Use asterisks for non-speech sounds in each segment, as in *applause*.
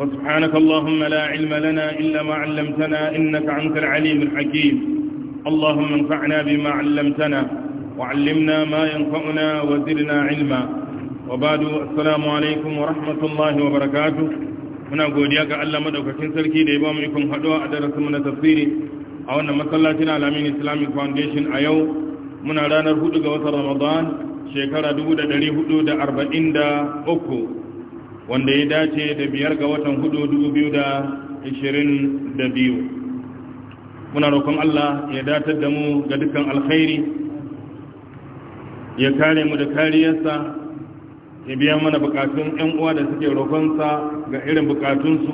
وسبحانك اللهم لا علم لنا إلا ما علمتنا إنك أنت العليم الحكيم اللهم انفعنا بما علمتنا وعلمنا ما ينفعنا وزدنا علما وبعد السلام عليكم ورحمة الله وبركاته muna godiya ga Allah madaukakin sarki da ya ba mu ikon haɗuwa a darasinmu na tafsiri a wannan masallacin alamin islamic foundation a yau muna ranar 4 ga watan ramadan shekara 1443 wanda ya dace da biyar ga watan hudu dubu biyu da ishirin da biyu muna roƙon Allah ya datar da mu ga dukkan alkhairi ya kare mu da kariyarsa ya biya mana bukatun 'yan uwa da suke roƙonsa ga irin bukatunsu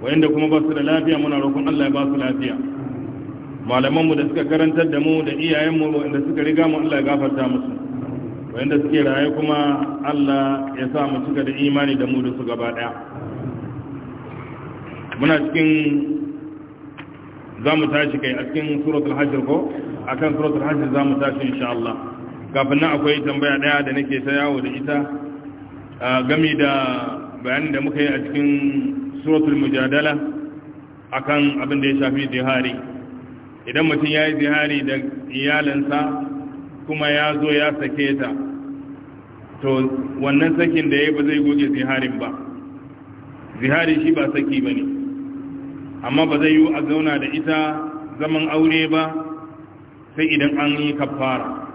wayanda kuma ba su da lafiya muna roƙon Allah ya ba su lafiya malamanmu da suka karantar da mu da iyayenmu wanda suka riga mu Allah ya gafarta musu wanda suke raye kuma Allah ya sa mu cika da imani da mu da su gaba daya muna cikin za mu tashi kai a cikin suratul hajj ko a kan suratul hajj za tashi insha Allah kafin nan akwai tambaya daya da nake ta yawo da ita game da bayanin da muka yi a cikin suratul mujadala akan abin da ya shafi zihari idan mutum ya yi zihari da iyalansa kuma ya zo ya sake ta to wannan sakin da ya ba zai goge ziharin ba zihari shi ba saki ba ne amma ba zai yi a zauna da ita zaman aure ba sai idan an yi kafara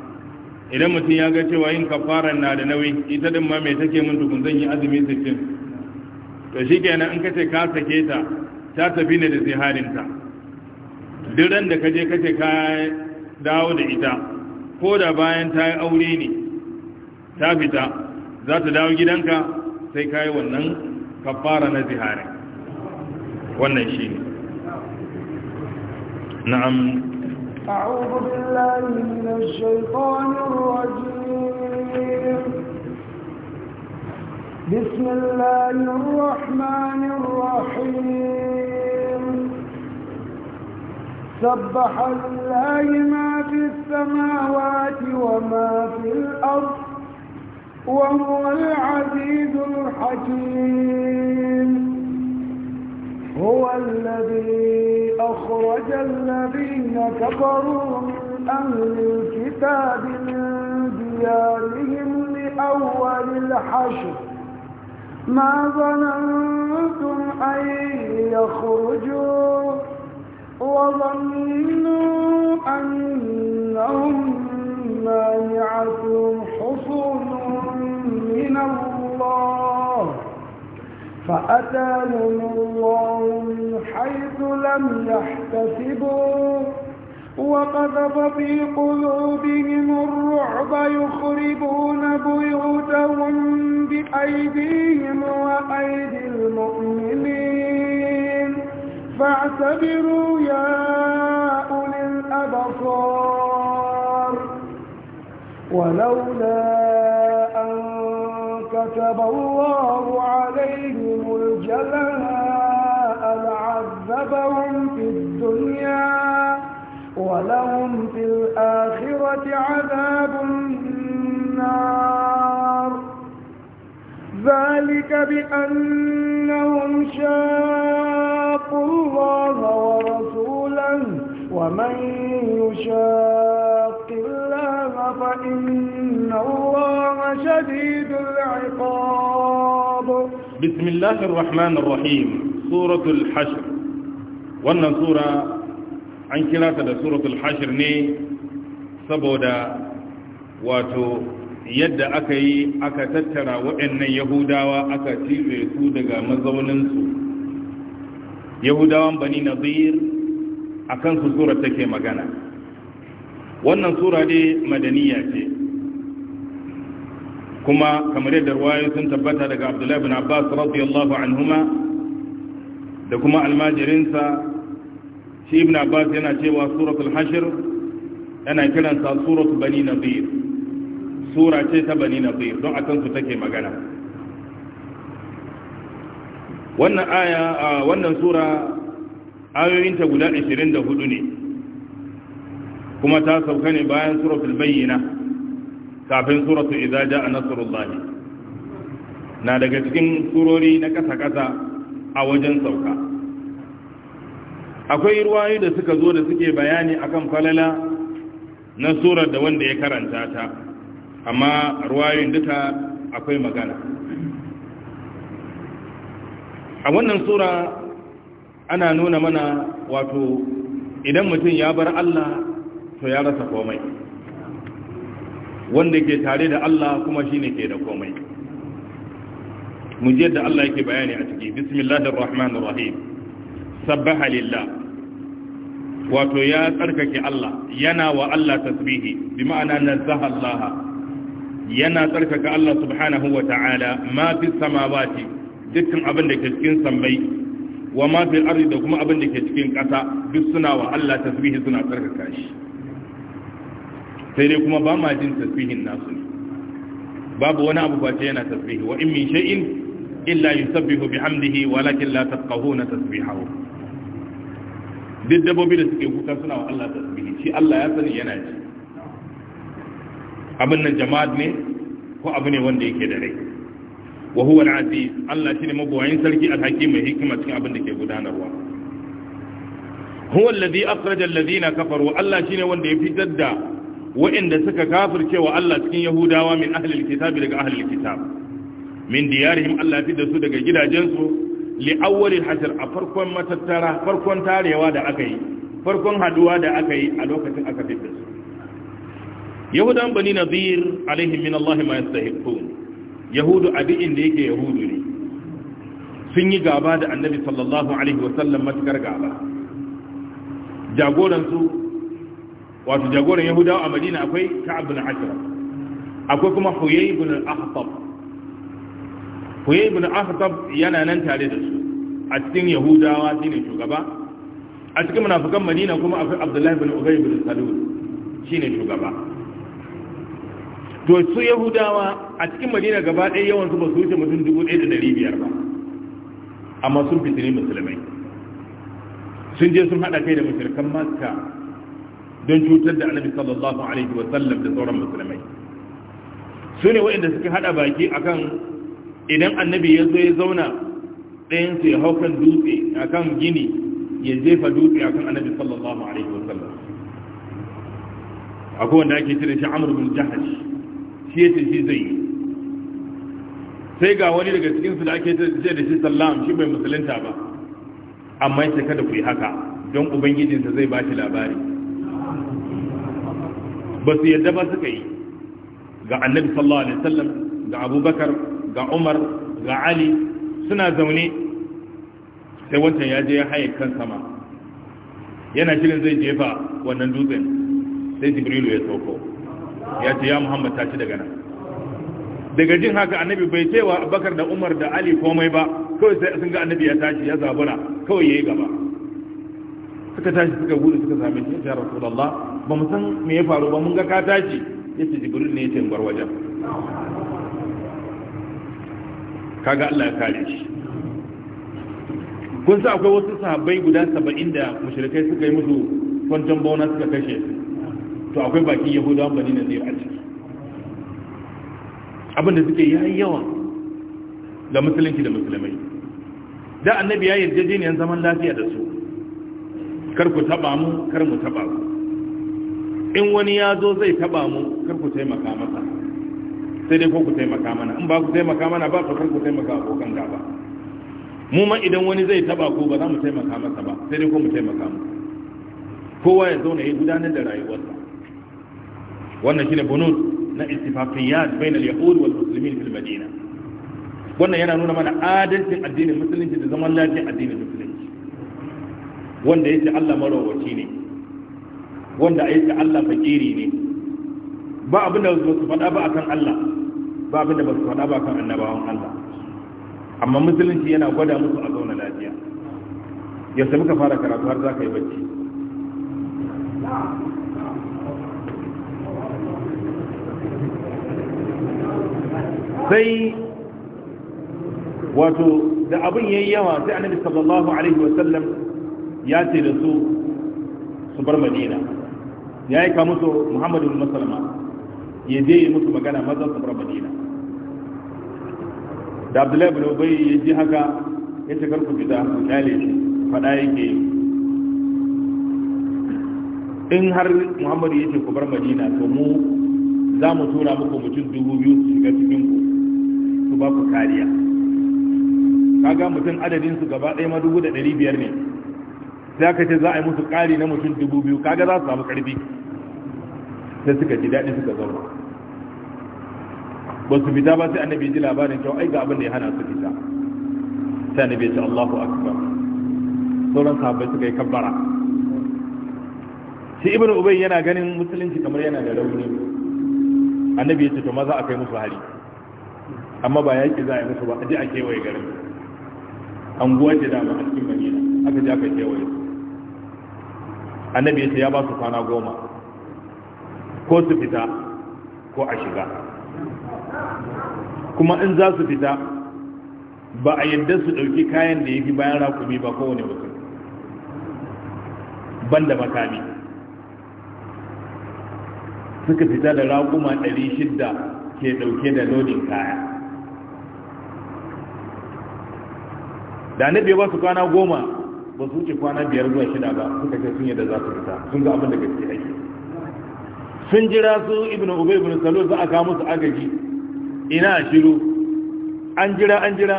idan mutum ya ga cewa yin kafaran na da nauyi ita din ma mai take mun tukun zan yi azumi sittin to shi kenan in kace ka sake ta ta tafi ne da ziharinta duk ran da kaje kace ka dawo da ita ko da bayan ta yi aure ne ta fita za ta dawo gidanka sai ka yi wannan kafara na zihari wannan shi ne na'am أعوذ بالله من الشيطان الرجيم بسم الله الرحمن الرحيم سبح لله ما في السماوات وما في الأرض وهو العزيز الحكيم هو الذي أخرج الذين كفروا من أهل الكتاب من ديارهم لأول الحشر ما ظننتم أن يخرجوا وظنوا أنهم مانعتهم حصولهم من الله فأتاهم الله من حيث لم يحتسبوا وقذف في قلوبهم الرعب يخربون بيوتهم بأيديهم وأيدي المؤمنين فاعتبروا يا أولي الأبصار ولولا أن كتب الله عليهم الجلاء لعذبهم في الدنيا ولهم في الآخرة عذاب النار ذلك بأنهم شاءوا يعصوا الله ورسولا ومن يشاق الله فإن الله شديد العقاب بسم الله الرحمن الرحيم سورة الحشر وانا سورة عن كلاسة سورة الحشر ني سبودا واتو يد أكي yi وإن tattara وأكتي yahudawa aka cife yahudawan bani nazir a kansu surar take magana wannan sura dai madaniya ce kuma kamar yadda ruwayoyi sun tabbata daga abdullahi bin abbas radiyallahu anhuma da kuma almajirinsa shi ibn abbas yana cewa suratul hashir yana kiransa suratul bani nazir sura ce ta bani nazir don a kansu take magana wannan aya a wannan sura ayoyinta guda 24 ne kuma ta sauka ne bayan suratul bayyina kafin suratu idza jaa nasrullahi na daga cikin surori na kasa-kasa a wajen sauka akwai ruwayoyi da suka zo da suke bayani akan falala na surar da wanda ya karanta ta amma ruwayoyin duka akwai magana a wannan sura ana nuna mana wato idan mutum ya bar Allah to ya rasa komai wanda ke tare da Allah kuma shine ke da komai mu da Allah yake bayani a ciki bismillahir rahmanir rahim sabbaha lillah wato ya tsarkake Allah yana wa Allah tasbihi bi ma'ana nazaha Allah yana tsarkake Allah subhanahu wa ta'ala ma fi samawati dukkan abin da ke cikin sammai wa ma fil ardi da kuma abin da ke cikin ƙasa duk suna wa Allah tasbihi suna tsarkaka shi sai dai kuma ba ma jin tasbihin nasu ne babu wani abu ba ce yana tasbihi wa in min shay'in illa yusabbihu bihamdihi walakin la tafqahuna tasbihahu duk dabbobi da suke kuka suna wa Allah tasbihi shi Allah ya sani yana ji abin nan jama'at ne ko abu ne wanda yake da rai wa huwa al-aziz Allah shine mabuwayin sarki al-hakim mai hikima cikin abin da ke gudanarwa huwa alladhi akhraja alladhina kafaru Allah shine wanda ya fitar da waɗanda suka kafirce wa Allah cikin Yahudawa min ahli al-kitab daga ahli al-kitab min diyarihim Allah fitar da su daga gidajensu li awwalil hasr a farkon matattara farkon tarewa da aka yi farkon haduwa da aka yi a lokacin aka fitar su Yahudan bani Nadir alaihim min Allah ma yastahiqun yahudu a duk inda yake yahudu ne sun yi gaba da annabi sallallahu alaihi wasallam matukar gaba jagoransu wato jagoran yahudawa a madina akwai ka'ab bin ashra akwai kuma huyay bin al-ahtab huyay bin al-ahtab yana nan tare da su a cikin yahudawa shine shugaba a cikin munafikan madina kuma akwai abdullahi bin ubay bin salul shine shugaba to su yahudawa a cikin madina gaba ɗaya yawan su ba su wuce mutum dubu ɗaya da ɗari biyar ba amma sun fitini musulmai sun je sun haɗa kai da mashirkan makka don cutar da annabi sallallahu alaihi wa sallam da sauran musulmai su ne waɗanda suka haɗa baki akan idan annabi ya zo ya zauna ɗayan su ya hau kan dutse akan gini ya jefa dutse akan annabi sallallahu alaihi wa sallam akwai wanda ake cire shi amr bin jahash shi yace shi zai yi sai ga wani daga cikin su da ake ce da shi sallam shi bai musulunta ba amma ya kada ku yi haka don ubangijinsa zai ba shi labari ba su yadda ba suka yi ga annabi sallallahu alaihi wasallam ga abubakar ga umar ga ali suna zaune sai wancan ya je ya haye kan sama yana shirin zai jefa wannan dutsen sai jibrilu ya sauko ya ce ya muhammad tashi daga nan daga jin haka annabi bai cewa abubakar da umar da ali komai ba kawai sai sun ga annabi ya tashi ya zabura kawai ya yi gaba suka tashi suka gudu suka sami shi ya Allah ba mu san me ya faru ba mun ga ka tashi ce jibril ne ya ce bar wajen kaga Allah ya kare shi kun sa akwai wasu sahabbai guda saba'in da mushrikai suka yi musu kwanton bauna suka kashe to akwai bakin yahudawan bani nazir a ciki abin da suke yayi yawa ga musulunci da musulmai da annabi ya yan zaman lafiya da su kar ku taba mu kar mu taba ku in wani ya zo zai taba mu kar ku taimaka masa sai dai ko ku taimaka mana in ba ku taimaka mana ba ku kar ku taimaka abokan gaba mu ma idan wani zai taba ku ba za mu taimaka masa ba sai dai ko mu taimaka mu kowa ya zauna ya gudanar da rayuwarsa wannan shine bonus na istifafiyat bainal yahud wal muslimin fil madina wannan yana nuna mana adalcin addinin musulunci da zaman lafiyar addinin musulunci wanda yace Allah marawaci ne wanda yace Allah fakiri ne ba abin da su faɗa ba akan Allah ba abin da ba su faɗa ba akan annabawan Allah amma musulunci yana gwada musu a zauna lafiya yadda muka fara karatu har za ka yi bacci sai wato da abin yayi yawa sai annabi sallallahu alaihi wasallam ya ce da su su bar madina ya aika musu muhammadu musulma ya je yi musu magana maza su bar madina da abdullahi bin ubay ya ji haka ya ce karku fita ku kyale shi fada yake in har muhammadu ya ce ku bar madina to mu za mu tura muku mutum dubu biyu su shiga cikin ku su ba ku kariya kaga mutum adadin su gaba ɗaya ma dubu da ɗari biyar ne sai aka ce za a yi musu ƙari na mutum dubu biyu kaga za su samu ƙarfi sai suka ji daɗi suka zauna ba su fita ba sai annabi ji labarin kyau ai ga abin da ya hana su fita sai annabi ya ce Allahu akbar sauran sahabbai suka yi kabbara shi ibnu ubay yana ganin musulunci kamar yana da rauni annabi ya ce to maza a kai musu hari amma ba yaƙi za a yi musu ba a ji a kewaye garin anguwa ce dama a cikin madina aka ji aka kewaye annabi ya ce ya ba su kwana goma ko su fita ko a shiga kuma in za su fita ba a yadda su ɗauki kayan da ya fi bayan rakumi ba kowane mutum ban da makami suka fita da rakuma 600 ke ɗauke da lodin kaya da annabi ya ba su kwana goma ba su wuce kwana biyar zuwa shida ba suka ce sun yadda za su fita sun ga abin da gaske ake sun jira su ibnu ubay ibn salul za a ka musu agaji ina a shiru an jira an jira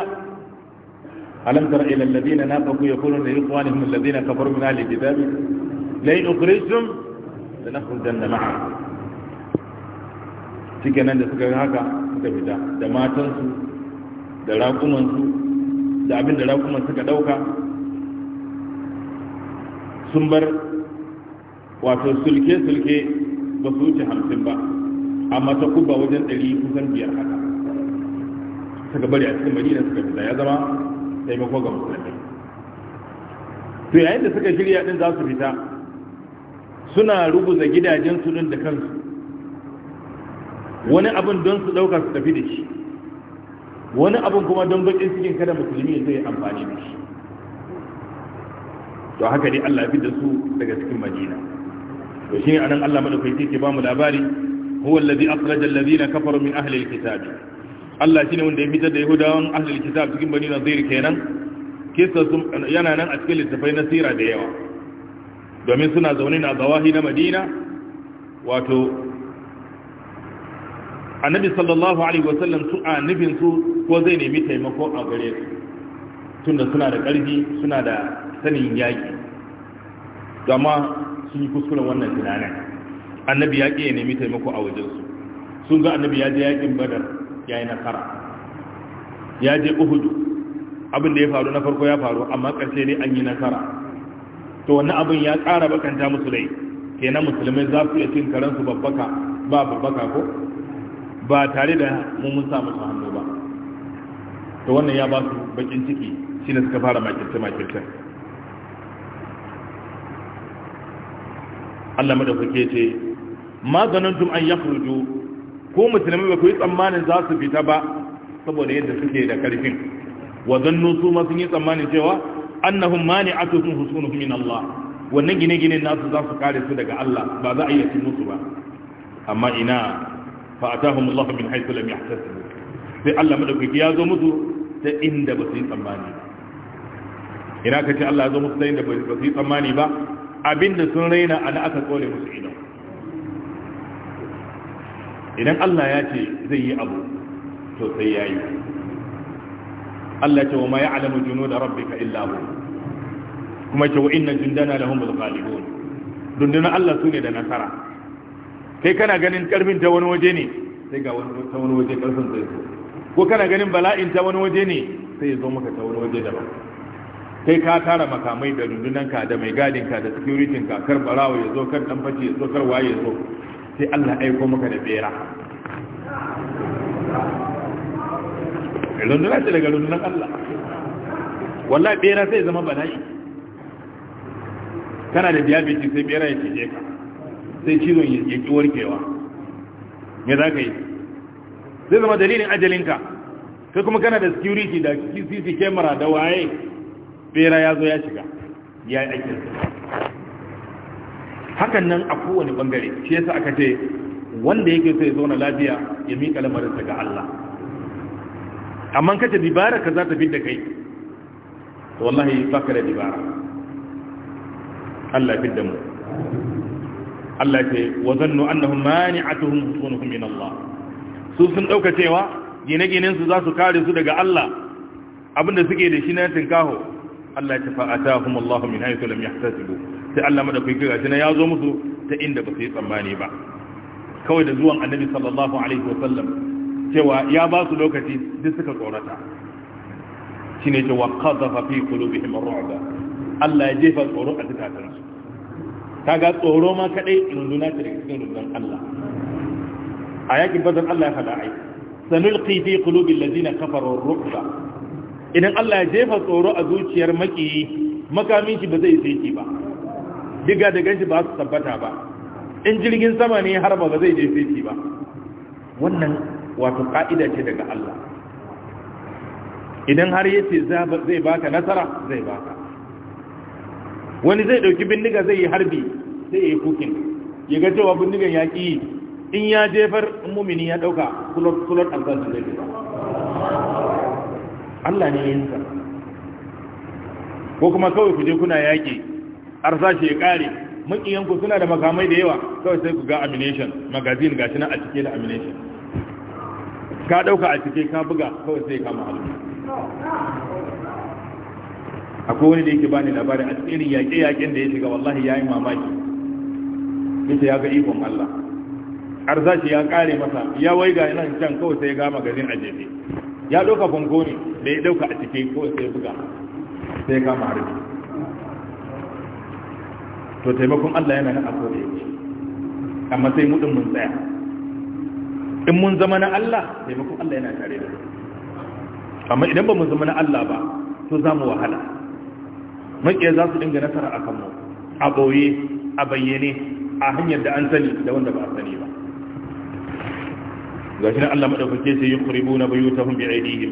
alam tara ila alladhina nafaqu yaquluna li ikhwanihim alladhina kafaru min ahli kitabi la yukhrijum lanakhrujanna ma'akum shikenan da suka haka suka fita da matansu da raƙumansu da abin da rakuman suka ɗauka sun bar wato sulke-sulke ba su wuce hamsin ba amma ta kuba wajen ɗari kusan biyar haka suka bari a cikin madina suka fita ya zama taimako ga musulmi to yayin da suka shirya din za su fita suna rubuta gidajen su din da kansu wani abin don su ɗauka su tafi da shi wani abin kuma don bakin cikin kada musulmi zai yi amfani da shi to haka ne Allah fi da su daga cikin Madina to shi ne anan Allah madaukaki ke bamu labari huwa allazi akhraja allazina kafaru min ahli alkitab Allah shine wanda ya fitar da Yahudawan ahli alkitab cikin Bani Nadir kenan kisa sun yana nan a cikin littafai na sira da yawa domin suna zaune na zawahi na Madina wato annabi sallallahu alaihi wasallam su a nufin su ko zai nemi taimako a gare su tunda suna da ƙarfi suna da sanin yaƙi Gama sun yi kuskuren wannan tunanin annabi ya ƙi ya nemi taimako a wajen su. sun ga annabi ya je yaƙin badar ya yi nasara ya je uhudu abin da ya faru na farko ya faru amma ƙarshe ne an yi nasara to wannan abin ya ƙara bakanta musu rai kenan musulmai za su iya cin karansu babbaka ba babbaka ko ba tare da mun sa musu hannu ba to wannan ya ba su bakin ciki shi ne suka fara makirce-makircen Allah kuke ce ma zanantum an yakhruju ko musulmi ba ku yi tsammanin za su fita ba saboda yadda suke da karfin wa zannu su ma sun yi tsammanin cewa annahum mani'atuhum husunuhum min Allah wannan gine-gine nasu za su kare su daga Allah ba za a iya cin musu ba amma ina fa atahum Allah min haythu lam yahtasibu sai Allah madaukake ya zo musu ta inda ba su yi tsammani ina ka ce Allah ya zo musu ta inda ba su yi tsammani ba abinda sun raina ana aka tsole musu idan idan Allah ya ce zai yi abu to sai ya yi Allah ce wa ma da junuda ka illa hu kuma ce wa inna da lahumul ghalibun dundunan Allah su ne da nasara kai kana ganin karfin ta wani waje ne sai ga wani ta wani waje karfin zai zo ko kana ganin bala'in ta wani waje ne sai ya zo maka ta wani waje daban kai ka tara makamai da ka da mai gadinka da ka kar barawo ya zo kar dan fashi ya zo kar waye ya zo sai Allah aiko maka da bera runduna ce daga rundunar Allah wallahi bera sai zama bala'i kana da diabetes sai bera ya cije ka sai cizon ya ki warkewa me za ka yi zai zama dalilin ajalinka kai kuma kana da security da cc camera da waye bera ya zo ya shiga ya yi aikin hakan nan a kowane bangare shi yasa aka ce wanda yake so ya zauna lafiya ya miƙa lamarinsa ga Allah amma kace dibara ka za ta fi da kai wallahi baka da dibara Allah ya fidda mu Allah ya ce wa zannu annahum mani'atuhum husunuhum min Allah su sun ɗauka cewa gine-ginensu za su kare su daga Allah abinda suke da shi na kaho Allah ya tafa ata kuma Allah min haitu lam shigo sai Allah madaukaki gashi na zo musu ta inda ba su yi tsammani ba kawai da zuwan Annabi sallallahu alaihi wa sallam cewa ya ba su lokaci duk suka tsorata shi shine cewa qadhafa fi qulubihim ar-ru'ba Allah ya jefa tsoro a ta ga tsoro ma kadai runduna ta daga cikin rundunan Allah a yakin bazan Allah ya faɗa ai sanulqi fi qulubi allazina kafaru rukba idan Allah ya jefa tsoro a zuciyar maki makamin shi ba zai sai ba diga da ganshi ba su tabbata ba in jirgin sama ne har ba zai je sai ba wannan wato ka'ida ce daga Allah idan har yace zai baka nasara zai baka wani zai dauki bindiga zai yi harbi sai ya yi kukin ya ga cewa bindigan ya ki in ya jefar mummini mumini ya dauka kulot albasu da ba Allah ne yin ko kuma kawai ku je kuna yaƙi arzashi ya ƙare makiyanku suna da makamai da yawa kawai sai ku ga amination magazine gashi na a cike da amination ka dauka a cike ka buga kawai sai ka halin akwai wani da yake bani labarin a cikin yaƙe-yaƙen da ya shiga wallahi ya yi mamaki ita ya ga ikon Allah shi ya kare masa ya wai ga nan can kawai sai ga magazin a jefe ya ɗauka fanko ne da ya ɗauka a cikin kawai sai ya buga sai ya kama harbi to taimakon Allah yana nan a yake amma sai mu din mun tsaya in mun zama na Allah taimakon Allah yana tare da amma idan ba mu zama na Allah ba to za mu wahala maƙiya za su dinga nasara a kanmu a ɓoye a bayyane a hanyar da an sani da wanda ba a sani ba ga shi Allah madaukake sai yukhribuna buyutahum bi aidihim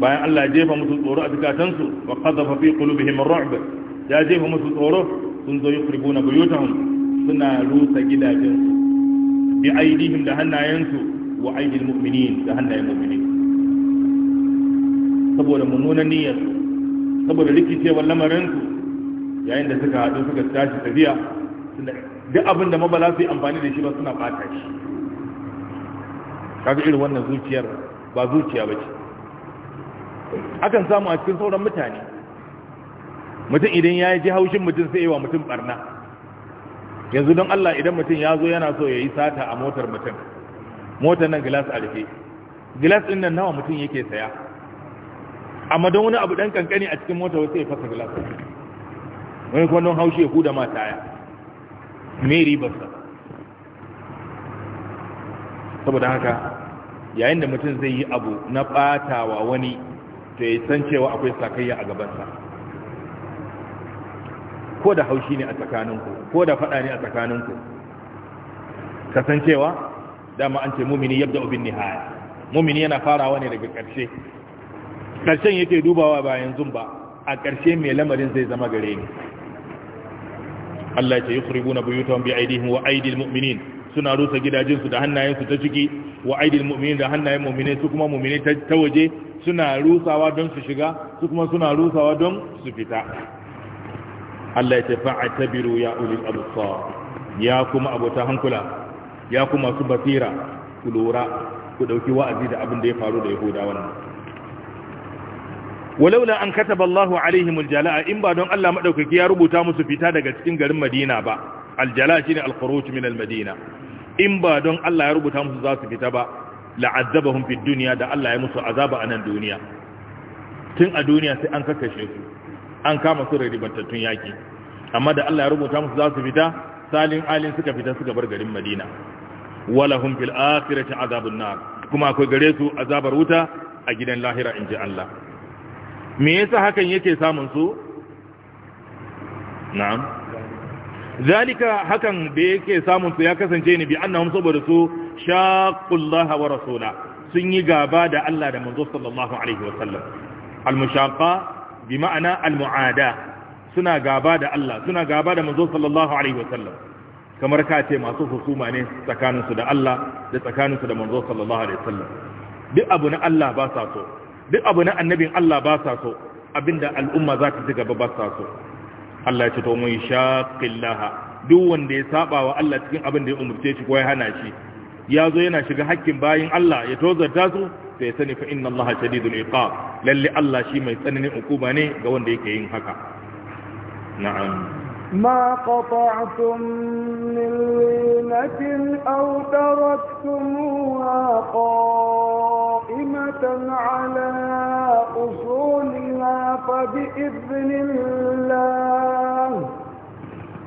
bayan Allah jefa musu tsoro a su wa qadhafa fi qulubihim ar-ru'b ya jefa musu tsoro sun zo yukhribuna buyutahum suna rusa gidajen su bi aidihim da hannayen su wa aidil mu'minin da hannayen mu'minin saboda mummunan niyyar saboda rikicewar lamarin su yayin da suka haɗu suka tashi tafiya duk abin da mabala su yi amfani da shi ba suna ɓata shi kaga irin wannan zuciyar ba zuciya ba ce akan samu a cikin sauran mutane mutum idan ya ji haushin mutum sai yawa mutum barna yanzu don Allah idan mutum ya zo yana so ya yi sata a motar mutum motar nan gilas a rufe gilas ɗin nan nawa mutum yake saya amma don wani abu ɗan kankani a cikin motar wasu ya fasa gilas wani kwanon haushi ya kuda ma taya meri basa saboda haka yayin da mutum zai yi abu na batawa wani to ya san cewa akwai sakayya a gabansa ko da haushi ne a tsakaninku ko da faɗa ne a tsakaninku kasancewa dama an ce mumini yabda ubin nihaya mumini yana farawa ne daga ƙarshe ƙarshen yake dubawa bayan zumba a ƙarshe mai lamarin zai zama gare ni Allah ya ce yukhribuna buyutahum bi aydihim wa aydil mu'minin suna rusa gidajensu da hannayensu ta ciki wa aidil mu'minin da hannayen mu'minin su kuma mu'minin ta waje suna rusawa don su shiga su kuma suna rusawa don su fita Allah ya tafi a tabiru ya ulil abusar ya kuma abota hankula ya kuma su basira ku lura ku dauki wa'azi da abin da ya faru da yahuda wannan walaula an kataba Allahu alaihimul jala'a in ba don Allah madaukaki ya rubuta musu fita daga cikin garin Madina ba aljala shine al-khuruj min al-madina in ba don Allah ya rubuta musu za su fita ba la'azzabahum fid duniya, da Allah ya musu azaba a nan duniya tun a duniya sai an kakkashe su an kama su ribantattun yaki amma da Allah ya rubuta musu za su fita salin alin suka fita suka bar garin Madina wala walahum fil akhirati azabun nar kuma akwai gare su azabar wuta a gidan lahira inji Allah me yasa hakan yake samun su na'am zalika hakan da yake samun su ya kasance ne bi annahum saboda su shaqullaha wa rasula sun yi gaba da Allah da manzo sallallahu alaihi wa sallam al-mushaqa bi ma'ana al-mu'ada suna gaba da Allah suna gaba da manzo sallallahu alaihi wa sallam kamar ka ce masu husuma ne tsakanin su da Allah da tsakanin su da manzo sallallahu alaihi wa sallam duk abu na Allah ba sa so duk abu na annabin Allah ba sa so abinda al'umma za ta ci gaba ba sa so Allah ya ce to mun shaqillaha duk wanda ya saba wa Allah cikin abin da ya umurce shi ko ya hana shi ya zo yana shiga hakkin bayin Allah ya tozarta su to ya sani fa inna Allah shadidul iqab lalle Allah shi mai tsananin hukuma ne ga wanda yake yin haka na'am ما قطعتم من لينة أو تركتموها قائمة على أصولها فبإذن الله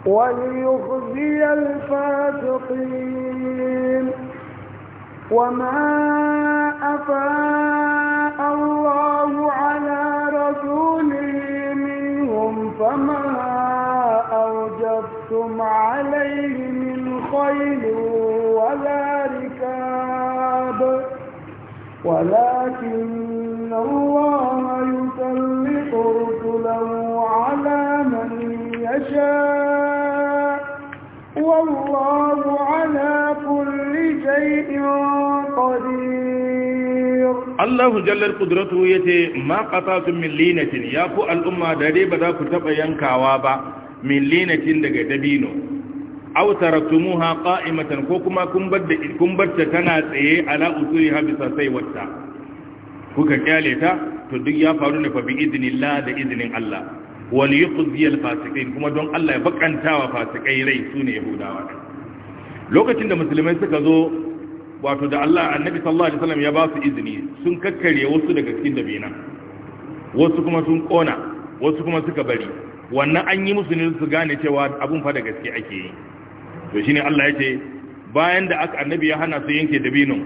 وليخزي الفاسقين وما أفاء الله على رسوله منهم فما أوجبتم عليه من خيل ولا ركاب ولكن الله يسلم رسله على من يشاء والله على كل شيء قدير الله جل قدرته يتي ما قطعتم من لينة يا الأمة دادي بدا كتب ينكاوا من لينة daga dabino aw taraktumuha qa'imatan ko kuma kun barta tana tsaye ala usuliha kuka kyale ta to duk ya faru ne fa bi idnillah da izinin Allah wal yuqzi al fasiqin kuma don Allah ya bakantawa fasikai rai sune yahudawa lokacin da musulmai suka zo wato da Allah annabi sallallahu alaihi wasallam ya ba su izini sun kakkare wasu daga cikin dabina wasu kuma sun kona wasu kuma suka bari wannan an yi musu ne su gane cewa abun fa da gaske ake yi to shine Allah ya ce bayan da aka annabi ya hana su yanke dabinin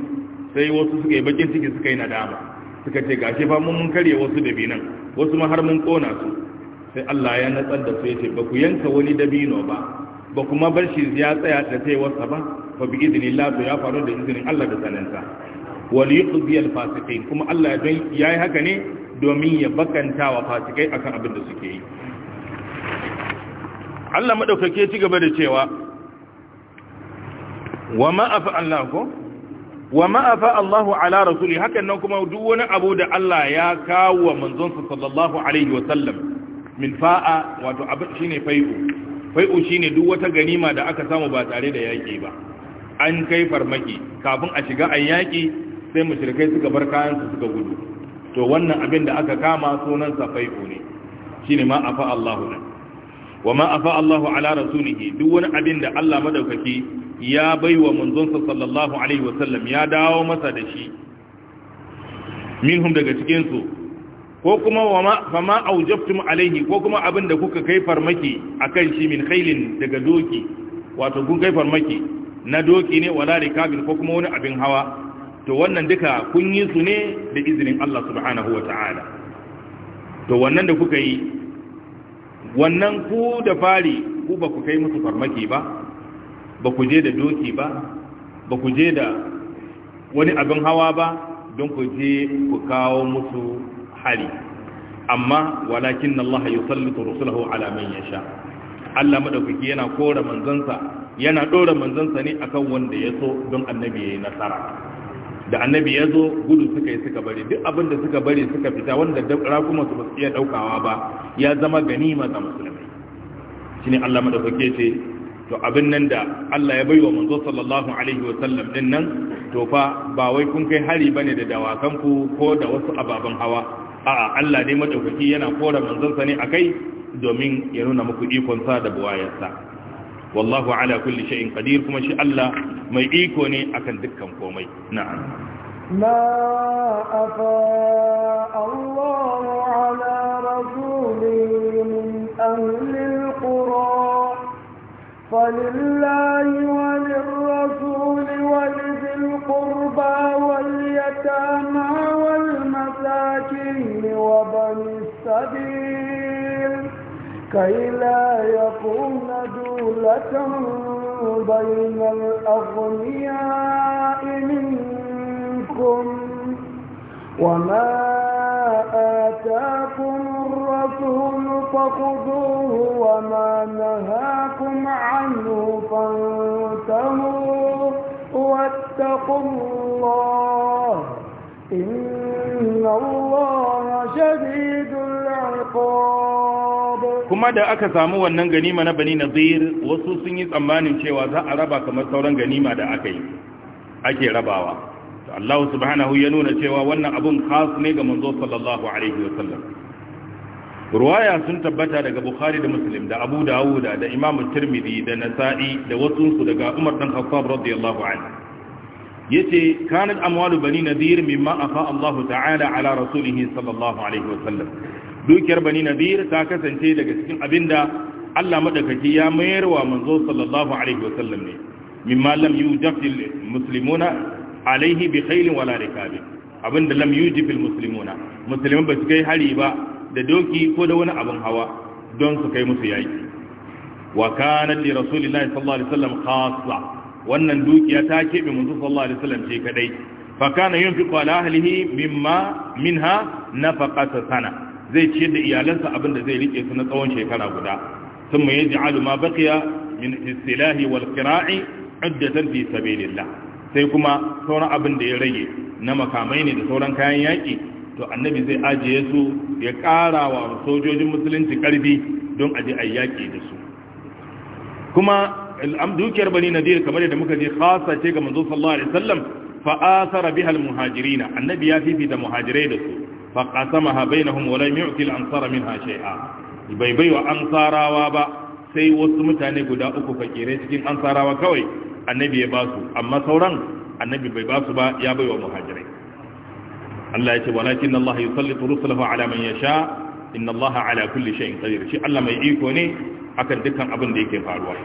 sai wasu suka yi bakin ciki suka yi nadama suka ce gashi fa mun karye wasu dabinan wasu ma har mun kona su sai Allah ya natsar da su ya ce ba ku yanka wani dabino ba ba kuma bar shi ya tsaya da sai wasa ba fa bi idinillah to ya faru da izinin Allah da sanansa wal yuqdi al fasiqin kuma Allah ya yayi haka ne domin ya bakanta wa fasikai akan abin da suke yi Allah madaukake ci gaba da cewa wa ma afa Allah ko wa ma'afa Allahu ala rasuli hakan nan kuma duk wani abu da Allah ya kawo wa manzonsa sallallahu alaihi wa sallam min fa'a wato abu shine fai'u fai'u shine duk wata ganima da aka samu ba tare da yaki ba an kai farmaki kafin a shiga an yaki sai mushrikai suka bar kayan su suka gudu to wannan abin da aka kama sunan sa fai'u ne shine ma'afa Allahu wa ma'afa Allahu ala rasulihi duk wani abin da Allah madaukaki ya baiwa manzonsa sallallahu alaihi wasallam ya dawo masa da shi minhum daga cikinsu ko kuma fa ma aujabtum alaihi ko kuma abin da kuka kai farmaki akan shi min khailin daga doki wato kun kai farmaki na doki ne wala rikabin ko kuma wani abin hawa to wannan duka kun yi su ne da izinin Allah subhanahu wa ta'ala to wannan da kuka yi wannan ku da fari ku ba ku kai musu farmaki ba ba ku je da doki ba ba ku je da wani abin hawa ba don ku je ku kawo musu hari amma walakin Allah ya sallitu rusulahu ala man yasha Allah madaukaki yana kora manzansa yana dora manzansa ne akan wanda ya so don annabi yi nasara da annabi ya zo gudu suka yi suka bari duk abin da suka bari suka fita wanda rakuma su basu iya daukawa ba ya zama ganima ga musulmai shine Allah madaukake ce to abin nan da Allah ya wa manzo sallallahu alaihi wa sallam din nan to fa ba wai kun kai hari bane da dawakan ku ko da wasu ababan hawa a'a Allah dai madaukaki yana kora manzon sa ne akai domin ya nuna muku ikon sa da buwayar sa wallahu ala kulli shay'in qadir kuma shi Allah mai iko ne akan dukkan komai na'am ma afa Allah ala rasulihi min ahli فلله وللرسول ولذي القربى واليتامى والمساكين وبني السبيل كي لا يكون دولة بين الأغنياء منكم وما آتاكم الرسول فخذوه وما kuma da aka samu wannan ganima na bani nazir wasu sun yi tsammanin cewa za a raba kamar sauran ganima da aka yi ake rabawa Allah subhanahu ya nuna cewa wannan abun khas ne ga manzo sallallahu alaihi wasallam ruwaya sun tabbata daga bukhari da muslim da abu dawuda da imam tirmidhi da nasa'i da wasunsu daga umar dan khattab radiyallahu anhu yace kanat amwalu bani nadir mimma afa allahu ta'ala ala rasulihi sallallahu alaihi wasallam dukiyar bani nadir ta kasance daga cikin abinda Allah madaukaki ya mayar wa manzo sallallahu alaihi wasallam ne mimma lam yujafil muslimuna alaihi bi khayl wala rikab abinda lam yujifil muslimuna muslimin ba su kai hari ba da doki ko da wani abin hawa don su kai musu yaki wa kana li rasulillahi sallallahu alaihi wasallam khassa wannan dukiya ta kebe manzo sallallahu alaihi wasallam ce kadai fa kana yunfiqu ala ahlihi mimma minha nafaqata sana zai ciyar da iyalansa abinda da zai rike su na tsawon shekara guda thumma yaj'alu ma baqiya min istilahi wal qira'i uddatan fi sabilillah sai kuma sauran abin da ya rage na makamai ne da sauran kayan yaki to annabi zai ajiye su ya ƙara wa sojojin musulunci karfi don aje a yaƙi da su kuma dukiyar bani nadir kamar yadda muka je khasa ce ga manzo sallallahu alaihi wasallam fa asara biha al muhajirina annabi ya da muhajirai da su fa qasamaha bainahum wa lam yu'ti al ansara minha shay'a bai bai wa ansarawa ba sai wasu mutane guda uku fakirai cikin ansarawa kawai annabi ya ba su amma sauran annabi bai ba su ba ya bai wa muhajirai Allah ya ce walakin Allah ya yusallitu rusulahu ala man yasha inna Allah ala kulli shay'in qadir shi Allah mai iko ne akan dukkan abin da yake faruwa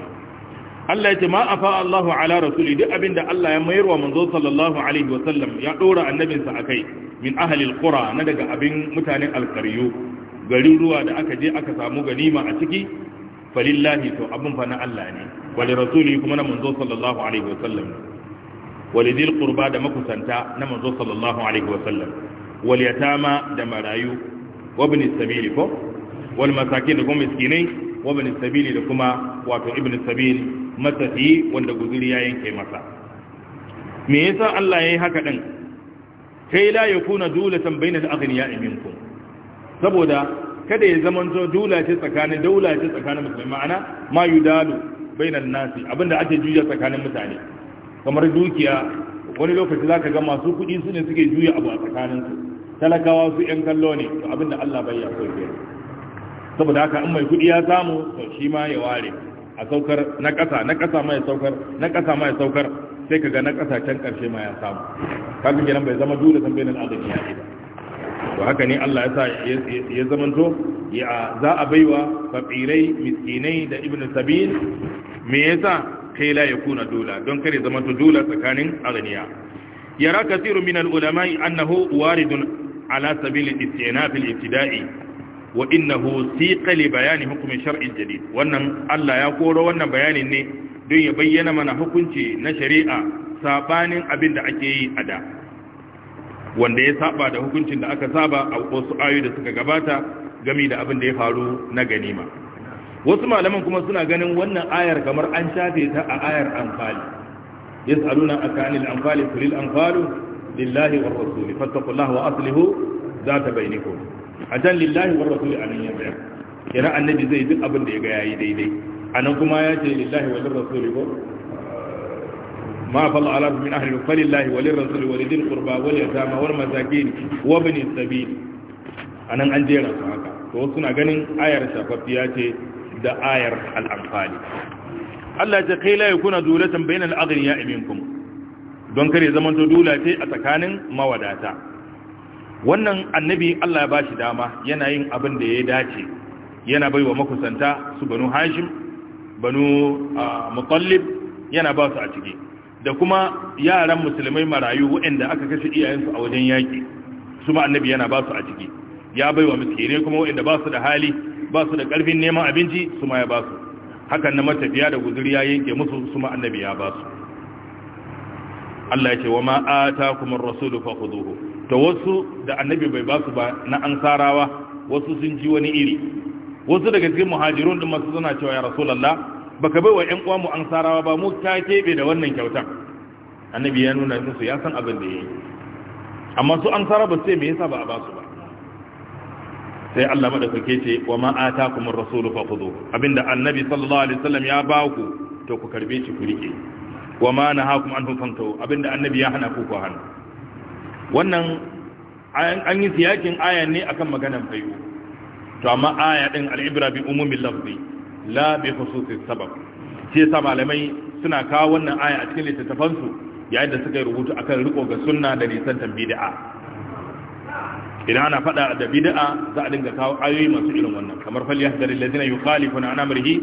Allah ya ce ma afa Allahu ala rasuli duk abin da Allah ya mayar wa manzo sallallahu alaihi wa sallam ya dora sa akai min ahli alqura na daga abin mutanen alqariyu garin ruwa da aka je aka samu ganima a ciki falillahi to abin fa na Allah ne wa rasuli kuma na manzo sallallahu alaihi wa sallam walidil qurba da makusanta na manzo sallallahu alaihi wa sallam wal yatama da marayu wa ibn sabili ko wal masakin da kuma miskinai wa ibn sabili da kuma wato ibn sabil matafi wanda guzuri ya yanke masa me yasa Allah yi haka dan? kai la yakuna saboda kada ya zamanto dola ce tsakanin dola ce tsakanin musulmi ma'ana ma yudalu bainan nasi abinda ake juya tsakanin mutane kamar dukiya wani lokaci za ka ga masu kuɗi su ne suke juya abu a tsakaninsu talakawa su 'yan kallo ne to abin da Allah bai ya so ke saboda haka in mai kuɗi ya samu to shi ma ya ware a saukar na ƙasa na ƙasa mai saukar na ƙasa mai saukar sai ka ga na ƙasa can ƙarshe ma ya samu kafin kenan bai zama dole san benin azumi ya ba to haka ne Allah ya sa ya zamanto ya za a baiwa fakirai miskinai da ibnu sabil me yasa kai la kuna dola don kare zama to dula tsakanin aghniya yara kasiru min al-ulama annahu waridun ala sabil al-istinaf al-ibtida'i wa innahu siqa li bayan hukm shar'i jadid wannan Allah ya koro wannan bayanin ne don ya bayyana mana hukunci na shari'a sabanin abin da ake yi a da wanda ya saba da hukuncin da aka saba a wasu ayoyi da suka gabata gami da abin da ya faru na ganima wasu malaman kuma suna ganin wannan ayar kamar an shafe ta a ayar anfali yas'aluna akanil anfali kulil anfalu lillahi war rasul fattaqullaha wa aslihu zata bainakum ajan lillahi war rasul anan ya bayar kira annabi zai duk abin da ya ga yayi daidai anan kuma ya ce lillahi wa war rasul ko Ma fa lillahi wa ما فضل على من أهل فلله وللرسول ولذي القربى Anan an وابن su haka. To suna ganin ayar آية ce. da ayar al'amfani Allah ce kai la yakuna dulatan bainal aghniya kuma. don kare zaman to dula ce a tsakanin mawadata wannan annabi Allah ya shi dama yana yin abin da ya dace yana baiwa makusanta su banu hashim banu mutallib yana ba su a ciki da kuma yaran musulmai marayu waɗanda aka kashe iyayensu a wajen yaƙi su ma annabi yana ba su a ciki ya baiwa miskere kuma waɗanda ba su da hali ba su da ƙarfin neman abinci su ma ya ba su hakan na matafiya da guzuri ya yanke musu su ma annabi ya ba su Allah ya ce wa ma atakumur rasulu khuduhu to wasu da annabi bai ba su ba na ansarawa wasu sun ji wani iri wasu daga cikin muhajirun din masu suna cewa ya rasulullah baka bai wa ƴan uwa mu ansarawa ba mu ta kebe da wannan kyautan annabi ya nuna musu ya san abin da yake amma su ansara ba sai me yasa ba a ba su ba sai Allah madaukake ce wa ma atakumur rasulu fakhudhu abinda annabi sallallahu alaihi wasallam ya ba ku to ku karbe shi ku rike wa ma nahakum anhu fantahu abinda annabi ya hana ku ku hana wannan an yi siyakin ayan ne akan maganar bayu to amma aya din al-ibra bi umumil lafzi la bi khususis sabab shi yasa malamai suna kawo wannan aya a cikin littattafansu yayin da suka yi rubutu akan riko ga sunna da nisan bid'a idan ana fada da bid'a za a dinga kawo ayoyi masu irin wannan kamar fal yahdari allazina yukhalifuna an amrihi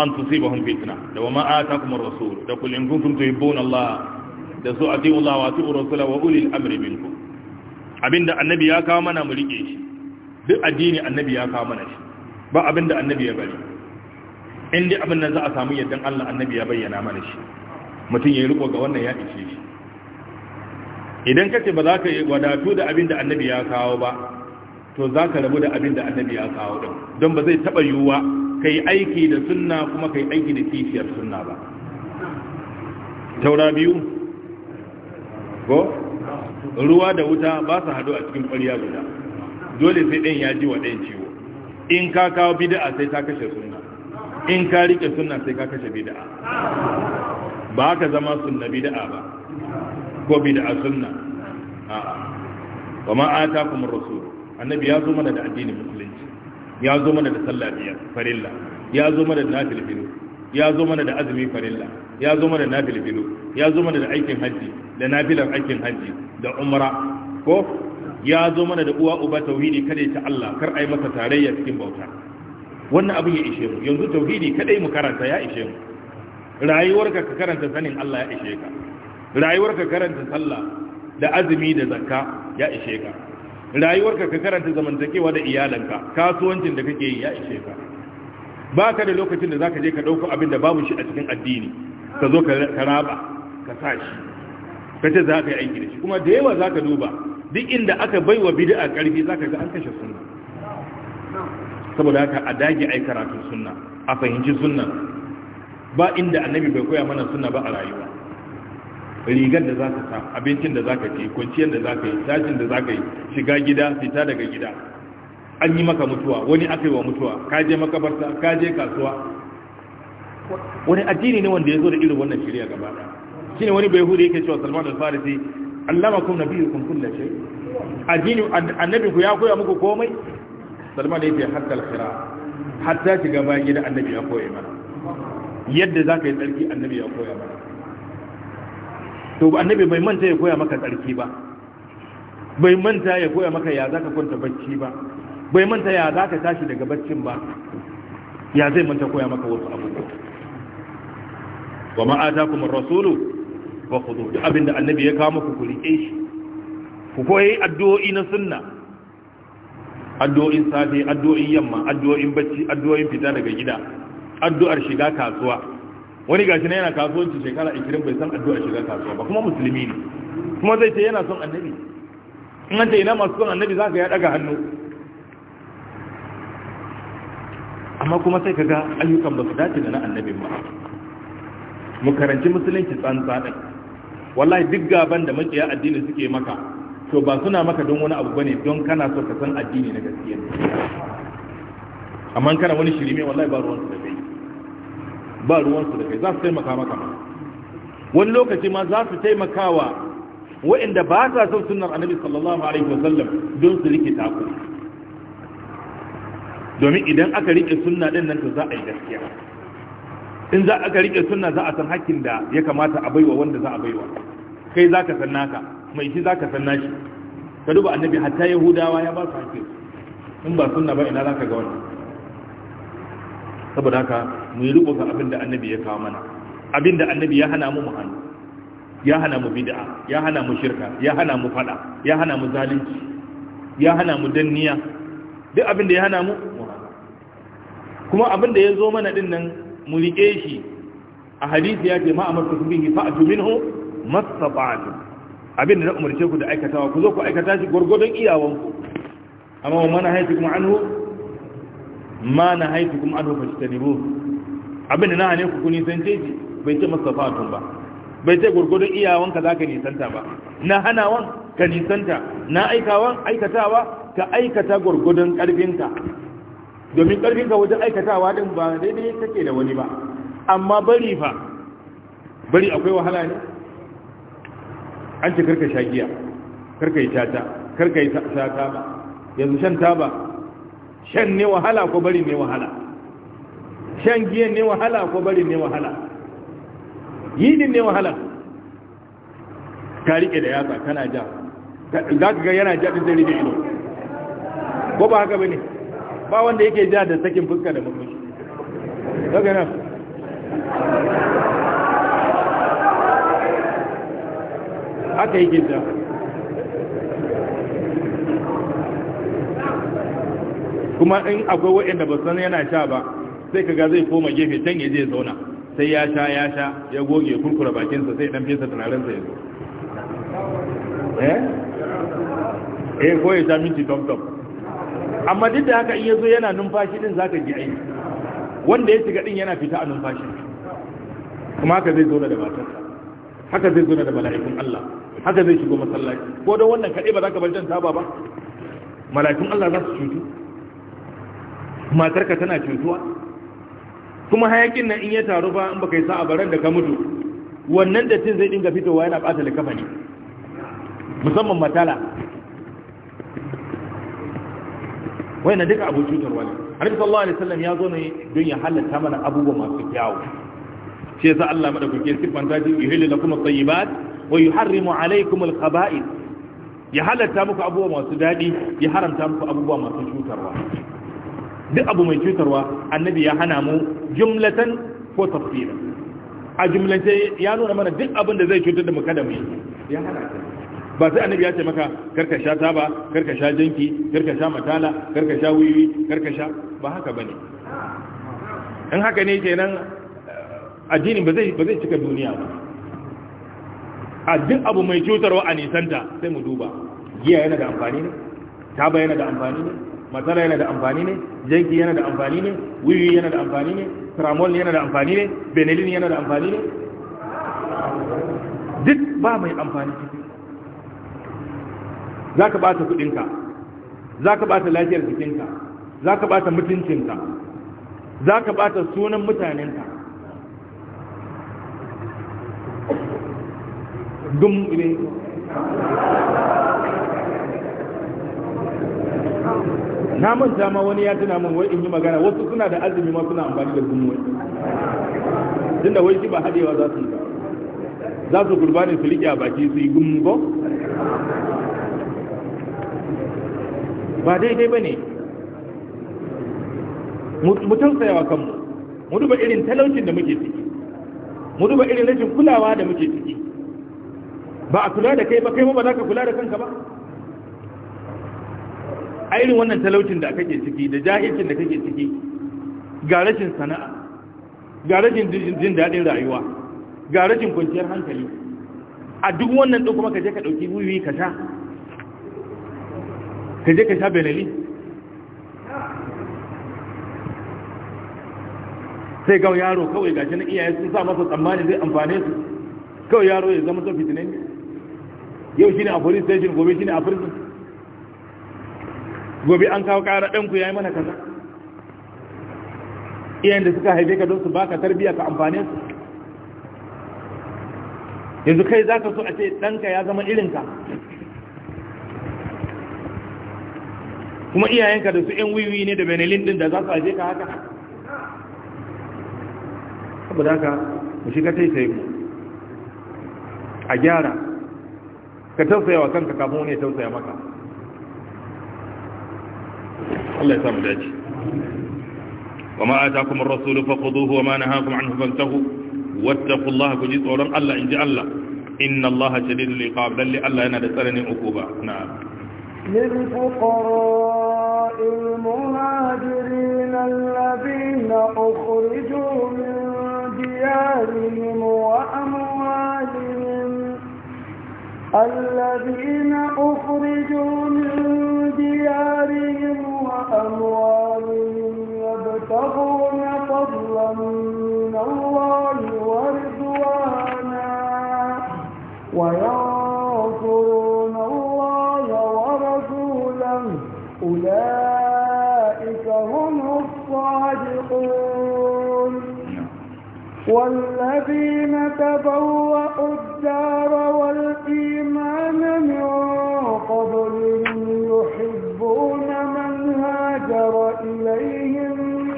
an tusibahum fitna da wa ma atakum ar-rasul da qul in kuntum tuhibbuna Allah da su ati'u Allah wa ati'u rasula wa ulil amri minkum abinda annabi ya kawo mana mu rike shi duk addini annabi ya kawo mana shi ba abinda annabi ya bari in dai abin nan za a samu yaddan Allah annabi ya bayyana mana shi mutum ya yi riko ga wannan ya ishe shi idan kace ba za ka yi wadatu da abin da annabi ya kawo ba to za ka rabu da abin da annabi ya kawo din don ba zai taɓa yiwuwa ka yi aiki da sunna kuma ka yi aiki da kishiyar sunna ba taura biyu ko ruwa da wuta ba su haɗu a cikin ƙwarya guda dole sai ɗan ya ji wa ɗan ciwo in ka kawo bida'a sai ka kashe sunna in ka riƙe sunna sai ka kashe bida'a ba ka zama sunna bida'a ba ko bi bid'a sunna a'a wa ma atakum ar-rasul annabi ya zo mana da addinin musulunci ya zo mana da sallah biyar farilla ya zo mana da nafil bilu ya zo mana da azumi farilla ya zo mana da nafil bilu ya zo mana da aikin haji da nafilan aikin haji da umra ko ya zo mana da uwa uba tauhidi kada ya ci Allah kar ai masa tarayya cikin bauta wannan abin ya ishe mu yanzu tauhidi kadai mu karanta ya ishe mu rayuwarka ka karanta sanin Allah ya ishe ka rayuwar ka karanta sallah da azumi da zakka ya ishe ka rayuwar ka ka karanta zamantakewa da iyalanka kasuwancin da kake yi ya ishe ka ka da lokacin da zaka je ka dauko abin da babu shi a cikin addini ka zo ka raba ka sa shi ka ce za ka yi aiki da shi kuma da yawa za ka duba duk inda aka bai wa bid'a karfi za ka ga an kashe sunna saboda haka a dage ai karatun sunna a fahimci sunna ba inda annabi bai koya mana sunna ba a rayuwa rigar da za ka sa abincin da za ka ci kwanciyar da za ka yi tashin da za ka yi shiga gida fita daga gida an yi maka mutuwa wani aka yi wa mutuwa ka je makabarta ka je kasuwa wani addini ne wanda ya zo da irin wannan shirya gaba shi ne wani bai hudu yake cewa salman al-farisi allama kum nabiyukum kullu shi addini annabi ku ya koya muku komai salman yake hatta al-khira hatta shiga bayan gida annabi ya koya mana yadda za ka yi tsarki annabi ya koya mana to annabi bai manta ya koya maka tsarki ba bai manta ya koya maka ya zaka kwanta bacci ba bai manta ya zaka tashi daga baccin ba ya zai manta koya maka wasu abubuwa wa ma kuma ar-rasulu fa khudhu duk abinda annabi ya kawo muku ku riƙe shi ku koyi addu'o'i na sunna addu'o'in safe addu'o'in yamma addu'o'in bacci addu'o'in fita daga gida addu'ar shiga kasuwa wani gashi na yana kasuwanci shekara 20 bai san addu'a shiga kasuwa ba kuma musulmi ne kuma zai ce yana son annabi in an ce ina masu son annabi zaka ya daga hannu amma kuma sai kaga ayyukan ba su dace da na annabin ba mu karanci musulunci tsantsa din wallahi duk gaban da makiya addini suke maka to ba suna maka don wani abu bane don kana so ka san addini na gaskiya amma kana wani shirme wallahi ba ruwan su da ba ruwansu da kai za su taimaka maka ma wani lokaci ma za su taimaka wa waɗanda ba sa son sunan annabi sallallahu alaihi wasallam don su rike taku domin idan aka rike sunna din nan to za a yi gaskiya in za aka rike sunna za a san hakkin da ya kamata a baiwa wanda za a baiwa kai za ka san naka mai shi za ka san nashi ka duba annabi hatta yahudawa ya ba su hakkin in ba sunna ba ina za ka ga wannan saboda haka mu yi rubuta abin da annabi ya kawo mana abin da annabi ya hana mu mu ya hana mu bid'a ya hana mu shirka ya hana mu fada ya hana mu zalunci ya hana mu danniya duk abin da ya hana mu kuma abin da ya zo mana din nan mu rike shi a hadisi ya ce ma amarku bihi atu minhu mastata'tum abin da na umarce ku da aikatawa ku zo ku aikata shi gurgurdan iyawanku amma mana haifi kuma anhu ma na haifi kuma an rufashi ta nemo abin da na hane ku kuni san shi bai ce masa fatun ba bai ce gurgudun ka za ka nisanta ba na hanawan ka nisanta na aikawan aikatawa ka aikata gurgudun ƙarfinka domin ƙarfinka wajen aikatawa din ba daidai kake da wani ba amma bari fa bari akwai wahala ne an ce karka shagiya karka yi tata karka yi sata ba yanzu shan taba shan ne wahala ko bari ne wahala shan giyan ne wahala ko bari ne wahala yidin ne wahala ka rike da yatsa kana ja za ka ga yana ja ɗin zai rike ido ko ba haka ba ne ba wanda yake ja da sakin fuska da murmushi daga nan haka yake ja kuma in akwai waɗanda ba san yana sha ba sai kaga zai koma gefe can ya je zauna sai ya sha ya sha ya goge kurkura bakinsa sai dan fesa sa ya zo eh eh ko ya sha minti tom tom amma duk da haka in yazo yana numfashi din zaka ji ai wanda ya shiga din yana fita a numfashi kuma haka zai zo da matarsa haka zai zo da mala'ikun Allah haka zai shigo masallaci ko don wannan kadai ba za ka bar jan saba ba mala'ikun Allah za su cutu matarka tana cutuwa kuma hayakin nan in ya taru ba in baka yi sa'a baran da ka mutu wannan da tin zai dinga fitowa yana bata likafa ne musamman matala na duka abu cutarwa ne annabi sallallahu alaihi wasallam ya zo ne don ya halatta mana abubuwa masu kyawu shi yasa Allah madaukake sifanta ji yuhillu lakum at-tayyibat wa yuharrimu alaykum al-khaba'ith ya halatta muku abubuwa masu dadi ya haramta muku abubuwa masu cutarwa duk abu mai cutarwa annabi ya hana mu jumlatan ko tafsira a jumlance ya nuna mana duk abin da zai cutar da mu da mu yi ya hana ba sai annabi ya ce maka karka sha taba karka sha jinki karka sha matala karka sha wiwi karka sha ba haka bane in haka ne kenan eh, addinin ba zai ba zai cika duniya ba a duk abu mai cutarwa a nisanta sai mu duba giya yana da amfani ne taba yana da amfani ne matsala yana da amfani ne janki yana da amfani ne wiwi yana da amfani ne tramol yana da amfani ne benelin yana da amfani ne duk ba mai amfani ciki za ka ɓata kuɗinka za ka ɓata lafiyar jikinka za ka ɓata mutuncinka za ka ɓata sunan mutanenka gum ne eh. na manta ma wani ya tuna min wai in yi magana wasu suna da azumi ma suna amfani da gumu wai tunda wai shi ba hadewa za su za su gurbani su rike a baki su yi gumu ko ba daidai ba ne mu tausayawa kanmu mu duba irin talaucin da muke ciki mu duba irin rashin kulawa da muke ciki ba a kula da kai ba kai ma ba za ka kula da kanka ba a irin wannan talaucin da kake ciki da jahilcin da kake ciki ga rashin sana'a ga rashin jin daɗin rayuwa ga rashin kwanciyar hankali a duk wannan ɗin kuma ka je ka ɗauki wuyi ka sha ka je ka sha benali sai ga yaro kawai gashi na iyaye sun sa masa tsammani zai amfane su kawai yaro ya zama ta fitinin yau shi ne a police station gobe shi ne a prison gobe an kawo ƙara ɗanku ya yi mana kaza iyayen da suka haife ka don su baka tarbiya ka amfane su yanzu kai za ka so a ce ɗanka ya zama irinka kuma iyayenka da su 'yan wiwi ne da benelin ɗin da za su haife ka haka saboda haka mu shiga taisaye mu a gyara ka tausaya wa kanka kafin wani ya tausaya maka الله يتام العج وما آتاكم الرسول فخذوه وما نهاكم عنه فانتهوا واتقوا الله كجيس أولاً ألا إن جاء الله إن الله شديد الإقاب بل لألا أنا لسلني أكوبة نعم للفقراء المهاجرين الذين أخرجوا من ديارهم وأموالهم الذين أخرجوا من ديارهم وأموال يبتغون فضلا من الله ورضوانا وينصرون الله ورسولا أولئك هم الصادقون والذين تبوأوا الدار والإيمان من قبلهم يحبون هاجر إليهم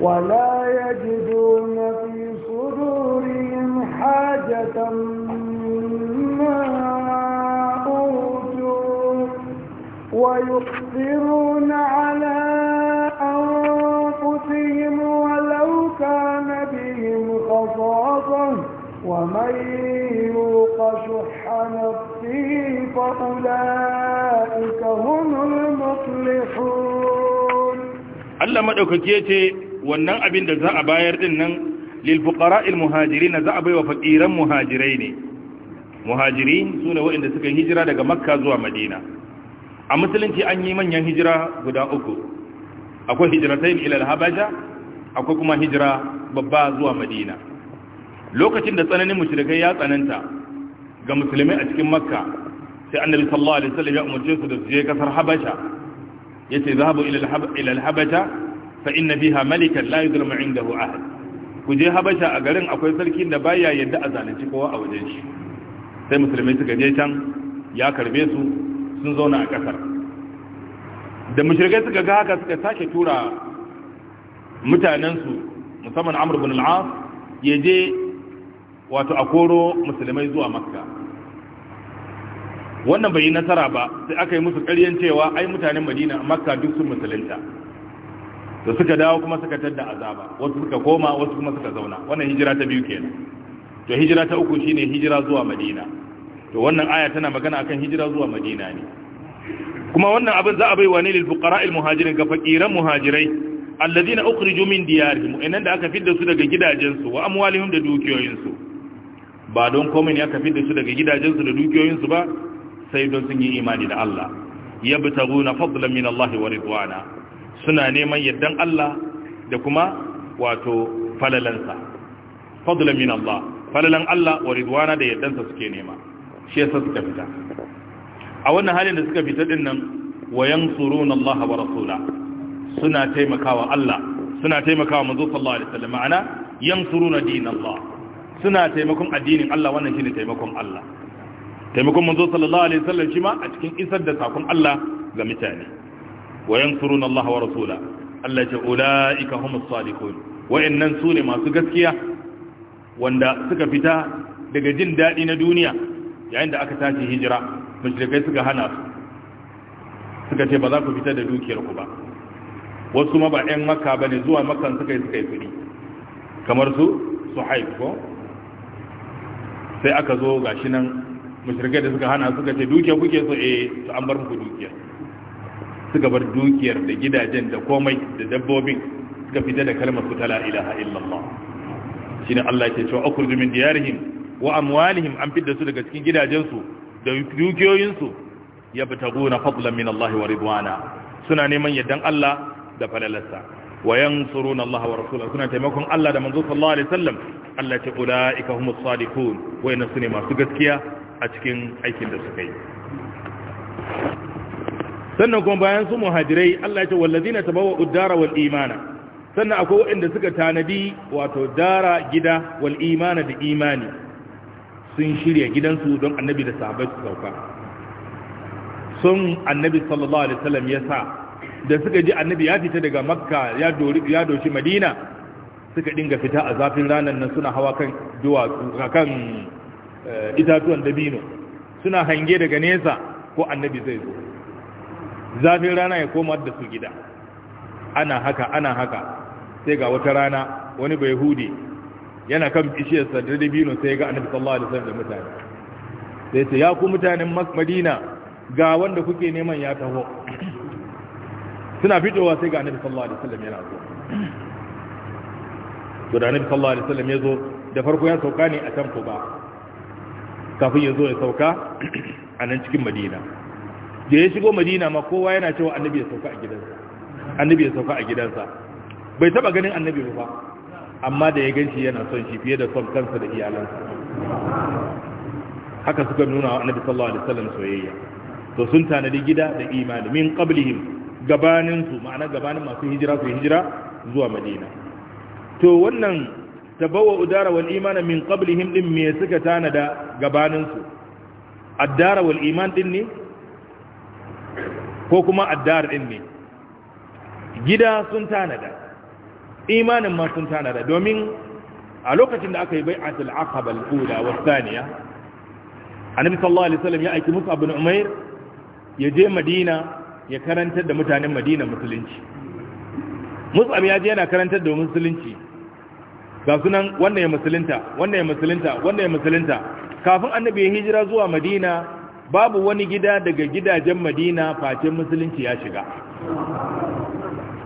ولا يجدون في صدورهم حاجة مما أوتوا ويؤثرون على أنفسهم ولو كان بهم خصاصة ومن يوق شح نفسه فأولئك هم المصلحون Allah madaukake ce wannan abin da za a bayar din nan lil fuqara'il na za a baiwa faɗiran muhajirai ne muhajirin sune waɗanda suka hijira daga makka zuwa madina a musulunci an yi manyan hijira guda uku akwai hijratain ila habaja akwai kuma hijira babba zuwa madina lokacin da tsananin mushrikai ya tsananta ga musulmai a cikin makka sai annabi sallallahu alaihi wasallam ya umarce su da su je kasar habasha yace zahabu ila al-habasha fa inna fiha malikan la yudrim indahu ahad ku je habasha a garin akwai sarkin da baya yadda a kowa a wajen shi sai musulmai suka je can ya karbe su sun zauna a kasar da mushrikai suka ga haka suka sake tura mutanen su musamman amr ibn al-as yaje wato akoro musulmai zuwa makka wannan bai yi nasara ba sai aka yi musu ƙaryen cewa ai mutanen madina makka duk sun musulunta da suka dawo kuma suka tadda azaba wasu suka koma wasu kuma suka zauna wannan hijira ta biyu kenan to hijira ta uku shine hijira zuwa madina to wannan aya tana magana akan hijira zuwa madina ne kuma wannan abin za a bai wani lil al muhajirin ga fakiran muhajirai alladhina ukhriju min diyarihim innan da aka fidda su daga gidajensu wa amwalihim da dukiyoyinsu ba don komai ne aka fidda su daga gidajensu da dukiyoyinsu ba sai don sun yi imani da Allah yabtaguna fadlan min Allah wa ridwana suna neman yaddan Allah da kuma wato falalansa fadlan min Allah falalan Allah wa ridwana da yaddansa suke nema shi yasa suka fita a wannan halin da suka fita din nan wa yansuruna Allah wa rasula suna taimakawa Allah suna taimakawa manzo sallallahu alaihi wasallam ma'ana yansuruna dinallah suna taimakon addinin Allah wannan shine taimakon Allah taimakon manzo sallallahu alaihi wasallam shi ma a cikin isar da sakon Allah ga mutane wa yansuruna Allah wa rasula Allah ce ulaika humus sadiqun wa'annan sune masu gaskiya wanda suka fita daga jin dadi na duniya yayin da aka tashi hijira mushrikai suka hana su suka ce ba za ku fita da dukiyar ku ba wasu ma ba ƴan makka bane zuwa makkan suka yi suka yi kudi kamar su suhaib ko sai aka zo gashi nan mushrikai da suka hana suka ce dukiya kuke so eh to an bar muku dukiyar suka bar dukiyar da gidajen da komai da dabbobin suka fita da kalmar su ta la ilaha illallah shine Allah yake cewa akhruju min diyarihim wa amwalihim an fidda su daga cikin gidajensu da dukiyoyinsu yabtaguna fadlan min Allah wa ridwana suna neman yaddan Allah da falalarsa suna taimakon Allah da تيمكن sallallahu alaihi منزول صلى الله ce وسلم التي أولئك هم الصادقون وينصرني ما gaskiya. a cikin aikin da suka yi sannan kuma bayan su muhajirai Allah ya ce wallazina tabawwa uddara wal imana sannan akwai waɗanda suka tanadi wato dara gida wal imana da imani sun shirya gidansu don annabi da sahabbai su sauka sun annabi sallallahu alaihi wasallam ya sa da suka ji annabi ya fita daga makka ya ya doshi madina suka dinga fita a zafin ranar nan suna hawa kan duwatsu kan Eh, itatuwan dabino suna hange daga nesa ko annabi zai zo zafin rana ya koma da su gida ana haka ana haka sai ga wata rana wani bai hudi yana kan bishiyarsa da dabino sai ga annabi sallallahu alaihi wasallam da mutane sai ce ya ku mutanen madina ga wanda kuke neman ya taho *clears throat* suna fitowa sai ga annabi sallallahu alaihi wasallam yana zo to da annabi sallallahu alaihi wasallam ya zo da farko ya sauka ne a can ba. kafin ya zo ya sauka a nan cikin madina da ya shigo madina ma kowa yana cewa annabi ya sauka a gidansa annabi ya sauka a gidansa bai taba ganin annabi ba amma da ya gan shi yana son shi fiye da son kansa da iyalansa haka suka nuna wa annabi sallallahu alaihi wasallam soyayya to sun tanadi gida da imani min qablihim gabanin su ma'ana gabanin masu hijira su hijira zuwa madina to wannan tabawa udara wal imana min qablihim din me suka tanada gabanin su addara wal iman din ne ko kuma addar din ne gida sun tanada imanin ma sun tanada domin a lokacin da aka yi bai'atul aqaba al-ula wa thaniya annabi sallallahu alaihi wasallam ya aiki musu ibn umair ya je madina ya karantar da mutanen madina musulunci mus'ab ya je yana karantar da musulunci ga sunan wannan ya musulunta wannan ya musulunta wannan ya musulunta kafin annabi ya hijira zuwa madina babu wani gida daga gidajen madina face musulunci ya shiga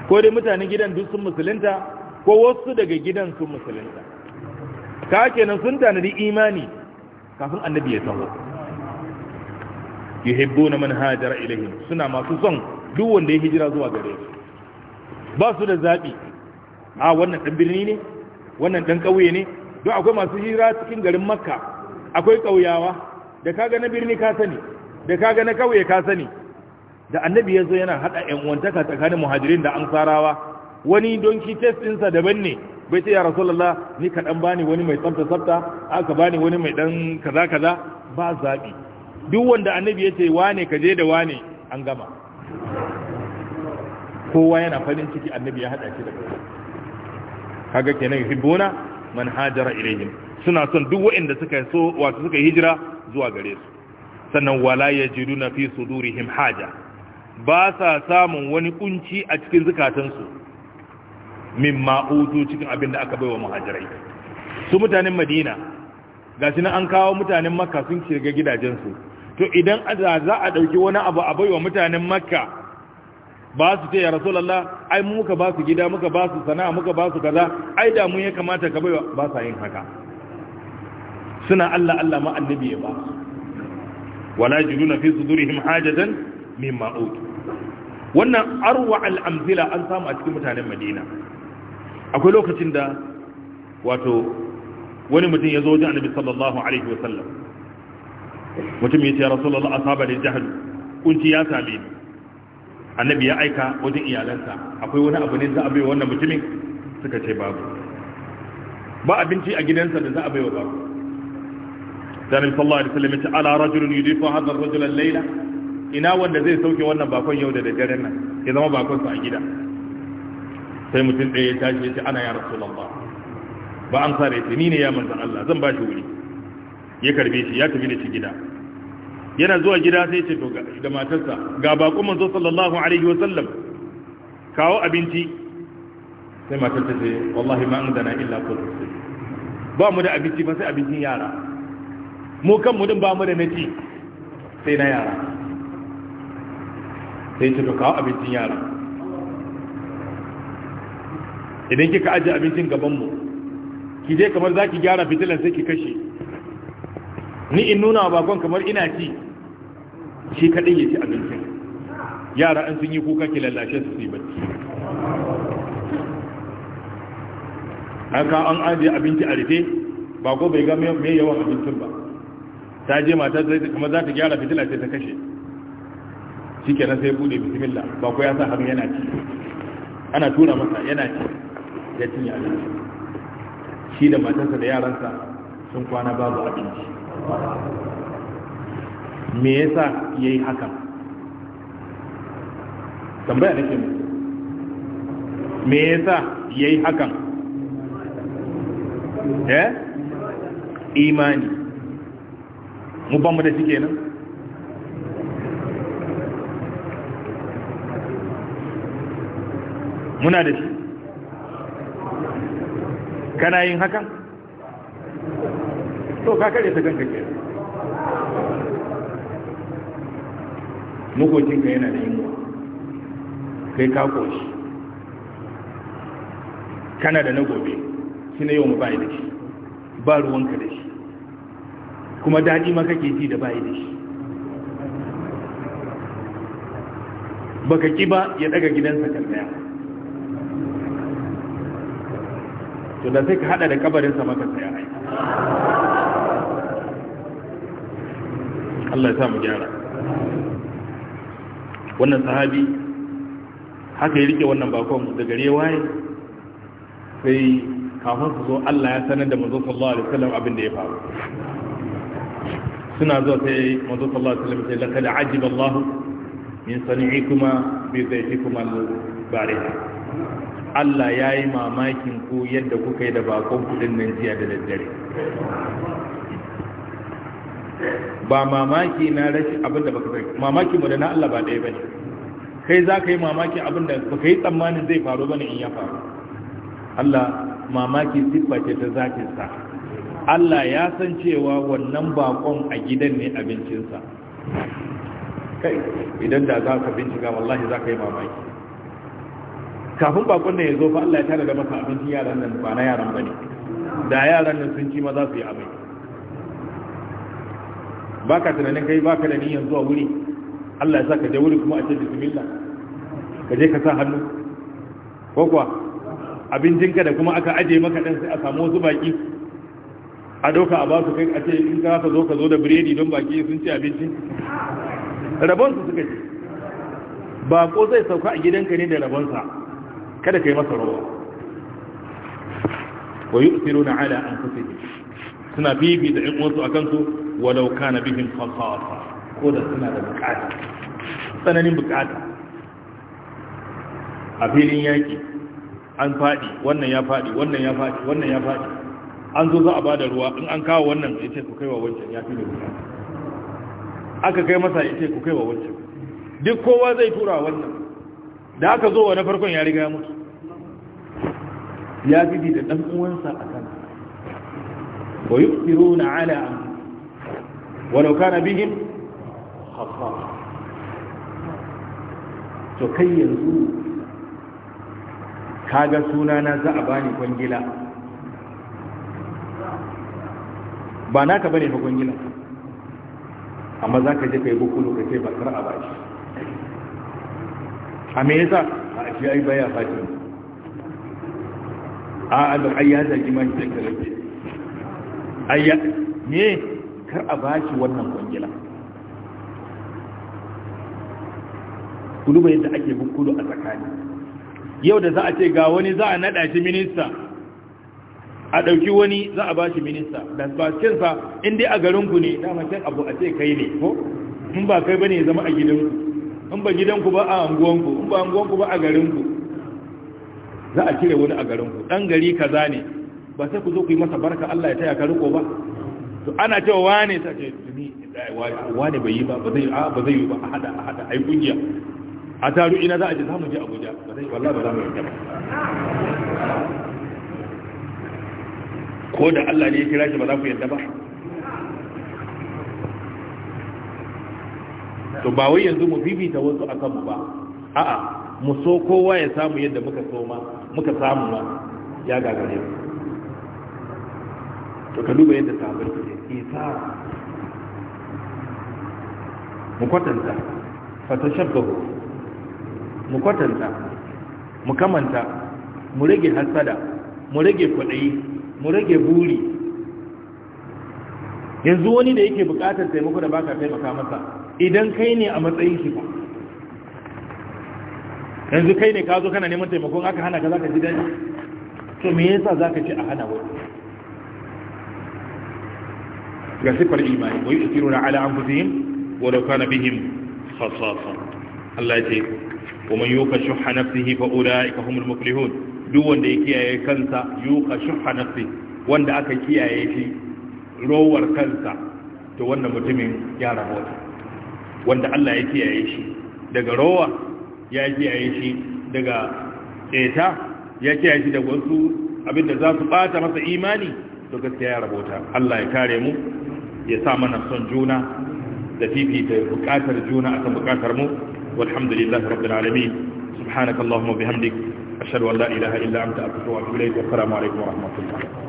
ko dai mutanen gidan duk sun musulunta ko wasu daga gidan sun musulunta ka kenan sun tanadi imani kafin annabi ya taho yuhibbuna man hajara ilaihim suna masu son duk wanda ya hijira zuwa gare su ba su da zabi a wannan dan birni ne wannan ɗan ƙauye ne don akwai masu hira cikin garin makka akwai ƙauyawa da kaga na birni ka sani da kaga na ƙauye ka sani da annabi ya zo yana haɗa ‘yan uwantaka tsakanin muhajirin da ansarawa wani ki test ɗinsa daban ne bai ce ya rasulallah ni ka ɗan bani wani mai tsafta tsafta aka bani wani mai ɗan kaza kaza ba zaɓi duk wanda annabi ya ce wane ka je da wane an gama kowa yana farin ciki annabi ya haɗa shi da kaga kenan yuhibbuna man hajara ilayhim suna son duk waɗanda suka so wato suka hijira zuwa gare su sannan wala yajiduna fi sudurihim haja ba sa samun wani kunci a cikin zakatansu mimma utu cikin abin da aka baiwa muhajirai su mutanen madina gashi nan an kawo mutanen makka sun shiga gidajensu to idan za a ɗauki wani abu a baiwa mutanen makka ba su ce ya rasulullah ai mu muka ba su gida muka ba su sana'a muka ba su kaza ai da mun ya kamata ka baiwa ba sa yin haka suna Allah Allah ma annabi ya ba su wala jiduna fi sudurihim hajatan mimma utu wannan arwa al an samu a cikin mutanen Madina akwai lokacin da wato wani mutum ya zo wajen annabi sallallahu alaihi wasallam mutum ya ce ya rasulullah asaba da jahannam kunci ya same ni annabi ya aika wajen iyalansa akwai wani abu ne za a bai wannan mutumin suka ce babu ba abinci a gidansa da za a bai wa babu zanen sallallahu alaihi wasallam ce ala rajulun yudifu hadha ar-rajul al laila. ina wanda zai sauke wannan bakon yau da dare nan ya zama bakon sa a gida sai mutum ɗaya ya tashi ya ce ana ya rasulullah ba an sare ce ni ne ya manzon Allah zan ba shi wuri ya karbe shi ya tafi da shi gida yana zuwa gida sai ce to da matarsa ga bakon manzo sallallahu alaihi wa sallam kawo abinci sai matarsa ta ce wallahi ma an dana illa ko ba mu da abinci ba sai abincin yara mu kan mu din ba mu da naci sai na yara sai ce kawo abincin yara idan kika ajiye abincin gaban mu ki je kamar zaki gyara fitilan sai ki kashe ni in nuna wa bakon kamar ina ci shi kaɗai ya ci abincin yara an sun yi kuka ki lallashe su yi bacci haka an ajiye abinci a rufe ba ko bai ga mai yawan abincin ba ta je mata zai kuma za ta gyara fitila sai ta kashe shi kenan sai bude bismillah ba ko ya sa hannu yana ci ana tura masa yana ci ya cinye abinci shi da matarsa da yaransa sun kwana babu abinci me yasa yayi haka tambaya nake me yasa yayi hakan eh imani mu ba mu da shi nan muna da shi kana yin hakan to ka kare ta kanka kenan makocinka yana da yunwa kai ka koshi kana da na gobe shi na yau mu bayi da shi ba ruwanka da shi kuma daɗi ma kake ji da bayi da shi baka ki ba ya daga gidansa kallaya to da sai ka hada da kabarinsa maka saya Allah ya sa mu gyara wannan sahabi haka ya rike wannan bakon da gare waye sai kafin su zo Allah ya sanar da manzo sallallahu alaihi wasallam abin da ya faru suna zuwa sai manzo sallallahu alaihi wasallam sai laqad ajiba Allah min sani'ikuma bi zaytikuma al-bariha Allah ya yi mamakin ku yadda kuka yi da bakon din nan jiya da daddare ba mamaki na rashi abin da baka sani mamaki mu da na Allah ba ɗaya bane kai za ka yi mamaki abin da baka yi tsammanin zai faru bane in ya faru Allah mamaki siffa ce ta zatin sa Allah ya san cewa wannan bakon a gidan ne abincinsa kai idan da za ka bincika wallahi za ka yi mamaki kafin bakon ne ya zo fa Allah ya tare da masa abincin yaran nan ba na yaran bane da yaran nan sun ci maza su yi abinci ba ka tunanin kai ba ka da niyan zuwa wuri Allah ya sa ka je wuri kuma a ce bismillah ka je ka sa hannu ko kuwa jinka da kuma aka aje maka dan sai a samu wasu baki a doka a ba su kai a ce in ka ka zo ka zo da biredi don baki sun ci abinci rabon su suka ce ko zai sauka a gidanka ne da rabonsa kada ka yi masa rawa wa yu'thiruna ala anfusihim suna bibi da ƴan uwansu akan su walau kana bihin fasafa ko da suna da bukata tsananin bukata a filin yaki an fadi wannan ya fadi wannan ya fadi wannan ya fadi an zo za a bada ruwa in an kawo wannan ya ce ku kai wa wancan ya fi da bukata aka kai masa ya ce ku kai wa wancan duk kowa zai tura wannan da aka zo wa na farkon ya riga ya mutu ya fi da ɗan uwansa a kan wa yi tsiro na ala walau kana bihim khassa to kai yanzu kaga sunana za a bani kwangila ba naka bane fa kwangila amma za ka je ka yi bukulu ka ce a bashi a me yasa a shi ai baya fatin a abin ai ya zagi man cikin kalafi ai ya ne kar a baki wannan kwangila kuluba yadda ake bukulu a tsakani yau da za a ce ga wani za a nada shi minista a ɗauki wani za a bashi minista da bakinsa inda a garinku ne damakin abu a ce kai ne ko in ba kai ba ne zama a gidanku in ba gidanku ba a anguwanku in ba anguwanku ba a garinku za a cire wani a garinku ɗan gari kaza ne ba sai ku zo ku yi masa barka Allah ya taya ka riko ba to ana cewa wane ta ce ni wane bai yi ba ba zai a ba zai yi ba a hada a hada ai kungiya a taru ina za a je za mu je Abuja ba zai wallahi ba za mu yi ba ko da Allah ne ya kira shi ba za ku yadda ba to ba wai yanzu mu bibita wasu akan mu ba a'a mu so kowa ya samu yadda muka so ma muka samu ma ya gagare mu to ka duba yadda sahabbai suke isar mu kwatanta fatashabbahu mu kwatanta mu kamanta mu rage hasada mu rage kwaɗayi mu rage buri yanzu wani da yake buƙatar taimako da baka taimaka masa idan kai ne a matsayin shi ba yanzu kai ne ka zo kana neman taimakon aka hana ka za ka ji daɗi to me yasa za ka ce a hana wani ga sifar imani wa yusiruna ala anfusihim wa law kana bihim khasasa Allah ce kuma wa man yuka shuhha nafsihi fa ulaika humul muflihun duk wanda ya kiyaye kansa yuka shuhha nafsi wanda aka kiyaye shi rowar kansa to wannan mutumin ya rahota wanda Allah ya kiyaye shi daga rowa ya kiyaye shi daga eta ya kiyaye shi da wasu abinda za su bata masa imani to gaskiya ya rahota Allah ya kare mu ya sa mana son juna da fifita bukatar juna akan bukatar mu walhamdulillahi rabbil alamin subhanakallahumma bihamdik ashhadu an la ilaha illa anta astaghfiruka wa atubu ilayk wa assalamu alaikum wa